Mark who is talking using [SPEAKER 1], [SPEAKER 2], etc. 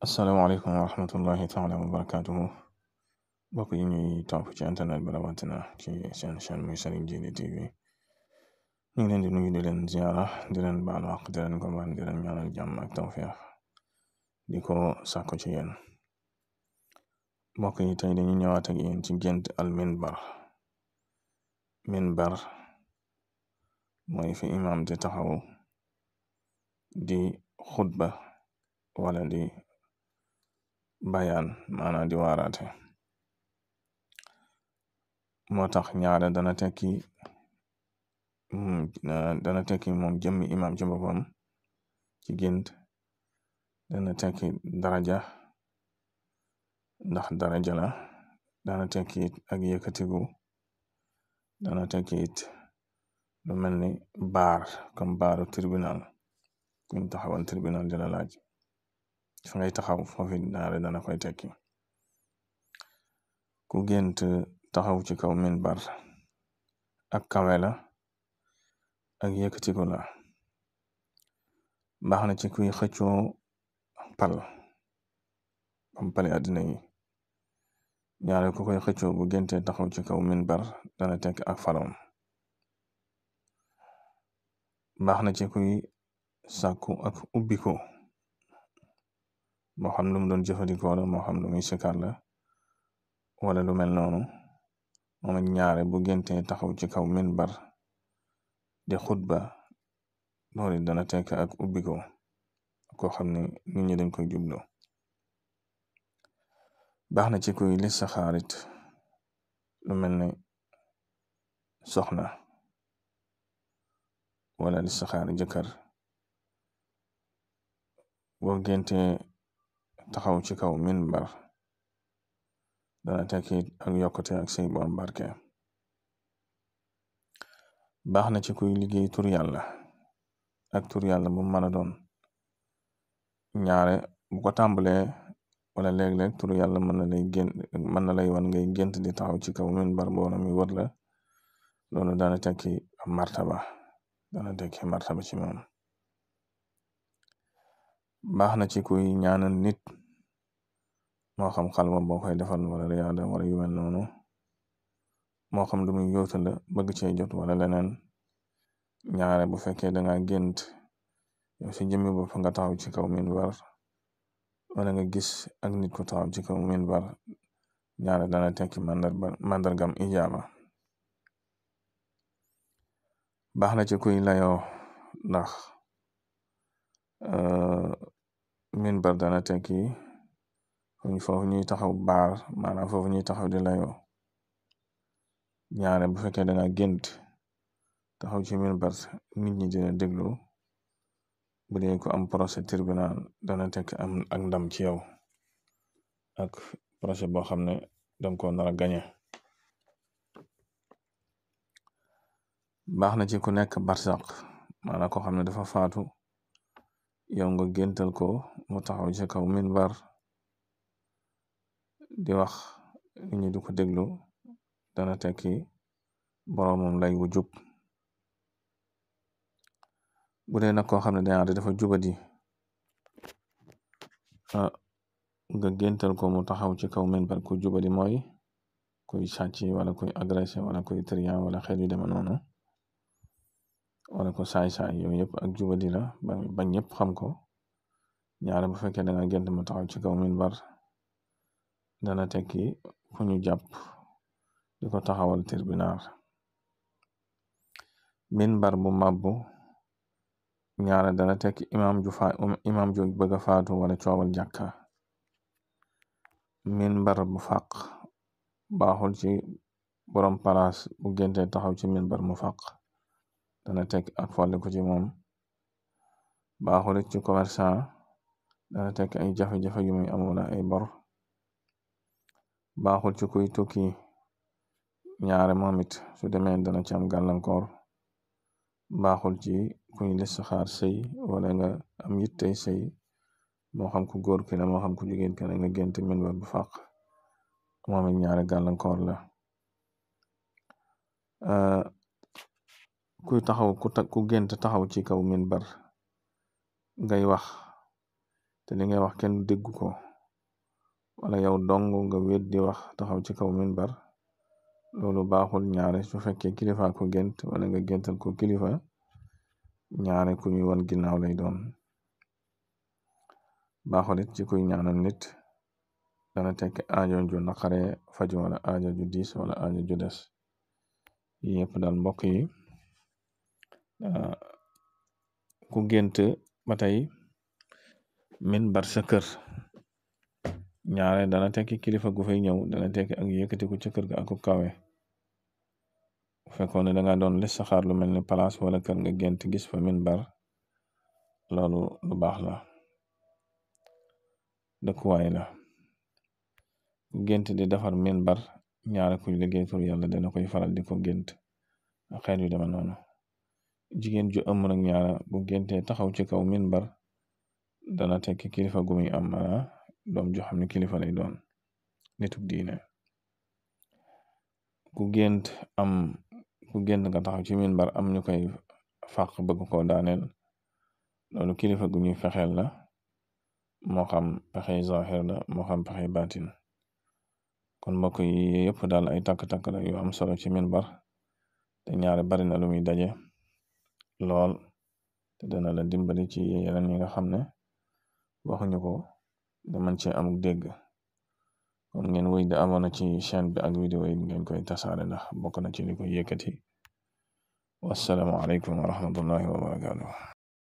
[SPEAKER 1] asalaamaaleykum wa rahmatullahi taala wa barakaatuhu mbokk yi ñuy topp ci internet bi rawatina ci seen chaîne muy Serigne Djily TV ñu ngi leen di nuyu di leen ziara di leen baalu àq di leen ko baal di leen ñaanal jàmm ak tawfeex di ko sàkku ci yéen mbokk yi tey dañu ñëwaat ak yéen ci gént al minbar minbar mooy fi imam di taxaw di xutba wala di bayan maana di waaraate moo tax ñaare dana tekki mm, dana tekki moom jëmmi imam ci boppam ci gént dana tekki daraja ndax daraja la dana tekki ak yëkkatigu dana tekki it lu mel ni baar comme baaru tribunal kuñ taxawal tribunal dina fa ngay taxaw foofu daare dana koy tekki ku gént taxaw ci kaw minbar ak kawe la ak yëkkatiku la baax na ci kuy xëccoo pal bam pale àddina yi ñaare ku koy xëccoo bu génte taxaw ci kaw bar dana tekk ak faloom baax na ci kuy sàkku ak ubbiko moo xam lu mu doon jëfandikoo la moo xam lu muy sikar la wala lu mel noonu moom ñaare bu gente taxaw ci kaw minbar di xutba loolu dana tekk ak ubbi ko koo xam ne nit ñi dañ koy jubloo baax na ci kuy lis lu mel ne soxna wala lis sa xaari jëkkër boo taxaw ci kaw minbar dana tekki ak yokkute ak say borom barke baax na ci kuy yi tour yàlla ak tour yàlla bu mën a doon ñaare bu ko tàmbalee wala léeg-léeg tur yàlla mën na lay génn mën na lay wan ngay gént di taxaw ci kaw minbar borom mi wër la loolu dana tekki martaba dana tekki martaba ci moom baax na ci kuy nit moo xam xalwa boo koy defal wala riyaada wala yu mel noonu moo xam lu muy yóotu la bëgg cee jot wala leneen ñaare bu fekkee danga gént yow si jëmmi bopp nga taxaw ci kaw minbar wala nga gis ak nit ku taxaw ci kaw minbar ñaare dana tekki màndargam ijaaba baax na ci kuy layoo ndax minbar dana tekki foofu ñuy taxaw baar maanaam foofu ñuy taxaw di layoo ñaare bu fekkee daga gént taxaw ci minbar nit ñi dina déglu bu dee ko am procès tribunal dana tek am ak ndam ci yow ak procès boo xam ne danga ko nar a gañe baax na ci ku nekk barsaq maanaam ko xam ne dafa faatu yow nga géntal ko mu taxaw ci kaw minbar di wax nit ñi ko déglu dana tekki boroomam lay wu jub bu dee nag koo xam ne day dafa jubadi ah, nga géntal ko mu taxaw ci kaw minbar ko jubadi mooy kuy sàcc wala kuy agressé wala kuy trian wala xeet yu deme noonu wala ko saay-saay yooyu yëpp ak jubadi la ba ñëpp xam ko ñaare bu fekkee da nga gént mu taxaw ci kaw min minbar dana tekki fu ñu jàpp di ko taxawal tribunal minbar bu bu ñaare dana tekki imam ju fa um, imam ju bëgg a faatu wala coowal jàkka mbar bu fàq baaxul ci borom palaas bu géntee taxaw ci minbar mu fàq dana teg ak wàlliku ci moom baaxulit ci commerçant dana teg ay jafe-jafe yu muy am wala ay bor baaxul ci kuy tukki ñaare moom it su demee dana ci am gàllankoor baaxul ci kuy saxaar sëy wala nga am yittey sëy moo xam ku góor ki la moo xam ku jigéen ki la nga gént min war bu fàq moom it ñaare gàllankoor la kuy taxaw ku ta ku gént taxaw ci kaw minbar ngay wax te li ngay wax kenn déggu ko wala yow dong nga wéet di wax taxaw ci kaw bar loolu baaxul ñaare su fekkee kilifa ko gént wala nga géntal ko kilifa ñaare ku wan ginnaaw lay doon baaxul it ci kuy ñaanal nit dana tekk ju naqare faju wala aajo ju diis wala aajo ju des yëpp daal mbokk yi Ah, ku gént ba tey min bar sa kër ñaare dana tekki kilifa gu fay ñëw dana tekki ak yëkkatiku ca kër ga ak kawe bu fekkoon ne danga doon lis saxaar lu mel ni palaas wala kër nga gént gis fa min bar loolu lu baax la dëkkuwaay la gent di defar min bar ñaare kuy liggéey tur yàlla dana koy faral di ko gént xeet yu deme noonu jigéen ju am nak ñaara bu gente taxaw ci kaw minbar dana tekk kilifa gumuy am mana ah, doom ju xam ne kilifa lay doon nituk diine ku gent am ku gent nga taxaw ci minbar am ñu koy fàq ko daaneel loolu kilifa gu ñuy fexeel la moo xam pexey zahir la moo xam pexey baatin kon mbokk yi yëpp daal ay takk-takk la yu am solo ci minbar te ñaare bari na lu muy daje lool te dana la dimbali ci yeneen yi nga xam ne waxuñu ko nga man ci amuk dégg kon ngeen de amoon abonné ci chaîne bi ak vidéo yi ngeen koy tasaare ndax bokk na ci li ko yëkkati wassalaamu aleykum wa wa barakatuh